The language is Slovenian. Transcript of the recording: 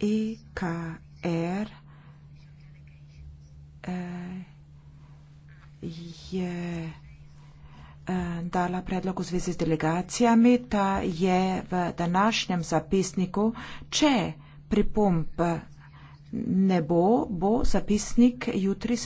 E K R eh, je eh, dala predlog v zvezi z delegacijami, ta je v današnjem zapisniku. Če pripomb ne bo, bo zapisnik jutri spremljal.